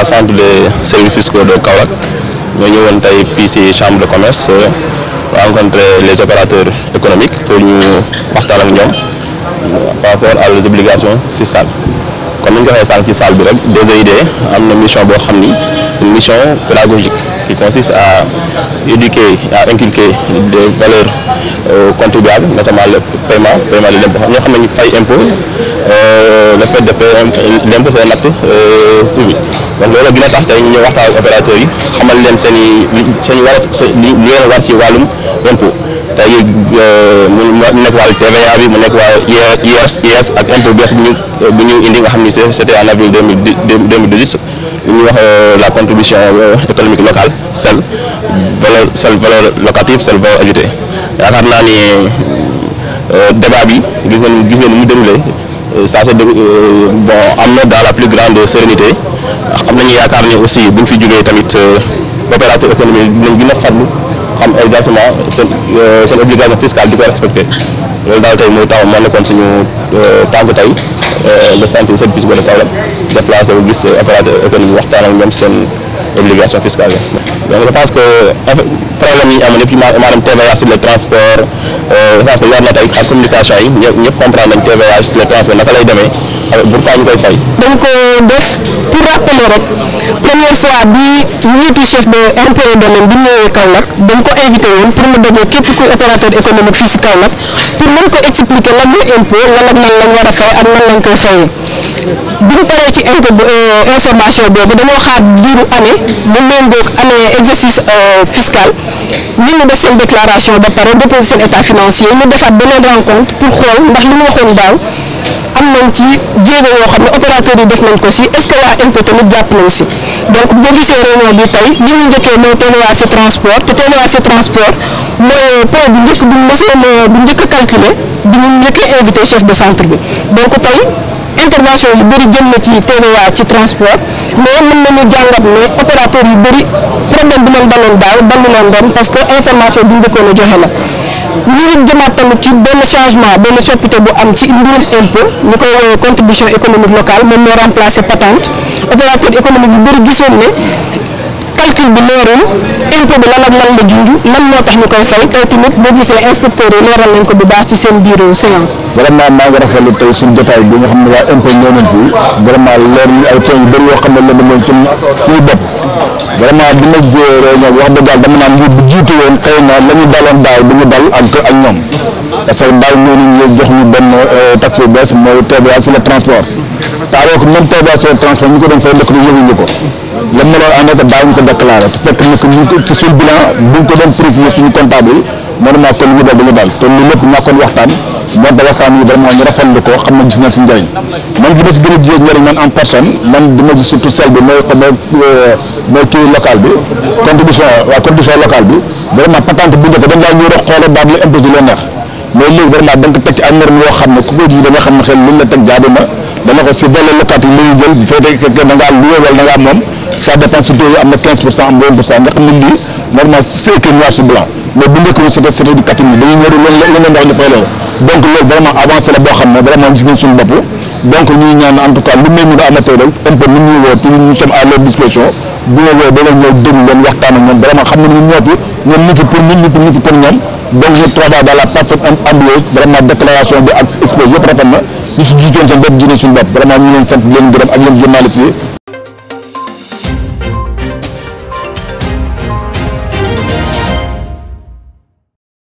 waa centre des services fiscaux de Kawak, nous avons été fii chambre de commerce euh, rencontrer les opérateurs économiques pour nous partager avec par rapport à les obligations fiscales comme nous avons senti ça, nous avons salle mission une mission pédagogique qui consiste à éduquer et à inculquer des valeurs Euh, contribuables, notamment le paiement, paiement de l'impôt. Nous avons failli impôt, euh, le fait de payer l'impôt, c'est un acte euh, civil. Donc, nous avons dit que nous avons des opérateurs, nous avons des impôts. tey mu nekk wàllu a bi mu nekk wàllu IR e IS e ak impôt bees bi ñu bi ñu indi nga xam ni c'était en avril deux mille dix deux mille li wax euh, la contribution euh, économique locale sel valeur sel valeur locative sel valeur ajoutée yaakaar naa ni euh, débat bi gis ngeen gis ngeen mu déroulé ça c'est bon am na daal la plus grande sérénité am nañu yaakaar ni aussi buñ fi jógee tamit opérateur économique dinañ gën a farlu xam exactement seen seen obligation fiscale di ko respecté loolu daal tey mooy taw moo nekkoon suñu tànk tey Euh, le centre service bu de Kaolack déplacé wu gis opérateur économique waxtaan ak ñoom seen obligation fiscale yi donc je problème yi maanaam TVA sur le transport euh, je pense que yor na tey ak communication yi ñëpp ñëpp comprendre nañ TVA sur le transport naka lay demee pourquoi ñu koy fay. dañ ko def pour rappeler rek première fois bi ñiitu chef de impôt domaine bi ñëwee Kaolack dañ ko invité woon pour mu dajee képp kuy opérateur économique fii si Kaolack pour mën ko expliquer lan mooy impôt lan ak lan lañ war a fay ak nan lañ koy fayee. bi ñu paree ci inco euh, information boobu dañoo xaar diiru année mu méngoog année exercice euh, fiscal ñun ñu def seen déclaration ba pare déposer seen état financier ñu defaat beneen rencontre pour xool ndax li ñu waxoon daal am nañ ci jéego yoo xam ne opérateur yi def nañ ko si est ce que waa impôt tamit jàpp nañ si donc boo gisee réunion bi tey li ñu njëkkee mooy TVA ci transport te TVA ci transport mooy point bu njëkk bu ñu mësoon euh, bu njëkk a calculé bi njëkkee njëkk invité chef de centre bi donc tey. intervention yu bëri jëm na ci a ci transport mais mën nañu jàngat ne opérateur yu bëri problème bu leen daloon daaw dalu leen ren parce que information bi njëkkoon a joxe la ñu ngi jëmaat tamit ci benn changement benn soppite bu am ci mbirum impôt ñu koy woowee contribution économique locale moom moo remplacé patente opérateur économique yu bëri gisoon ne calcul bi leerul impôt bi lan ak lan la junj lan moo tax ñu koy fay tey tamit boo gisee inspecteurs yi leeral nañ ko bu baax ci seen bureau séance. vraiment maa ngi rafetlu tey suñu jotaay bi nga xam ne waa impôt ñoo nañ ñu ay bu jiitu woon xëy na la ñu daloon daaw du ñu dal ak ñoom. parce que ndaw ñooñu ñu jox ñu benn euh, taxe bu bees mooy TVA sur le transport taaroo ko même TVA sur le transport ñu ko doon fay ndëkk yëguñu ko lam ma loolu ànd ak daawuñ ko déclaré te fekk nak ñu ko ci suñu bilan buñ ko doon préciser suñu comptable mënu maa kon ñu dal dañu dal te lu lépp ñàkkoon waxtaan moo da waxtaan yi vraiment ñu rafetlu ko xam na gis na si njëriñ man fi ma si gën a jiyee njëriñ man en personne man dama gis surtout celle bi mooy mooy euh, mooy kii local bi contribution waa contribution locale bi vraiment patente bu njëkk dañ laa ñëw rek xoolal daal mais léegi vraiment da nga ko ay normes yoo xam ne ku ko ji da xam ne xel lu la teg jaadu na dana si benn locatif la moom ça dépend si taux ne lii du 4000 dañuy ñëw loolu la loolu xam ne ñu ñoo fi ñoom ñu fi pour ñun fi pour ñoom donc je travaille dans la partie ambuleuse vraiment déclaration bi ak exposé yëpp rafet na ñu si gis seen bopp jëlee suñu bopp vraiment ñu sant di leen gërëm ak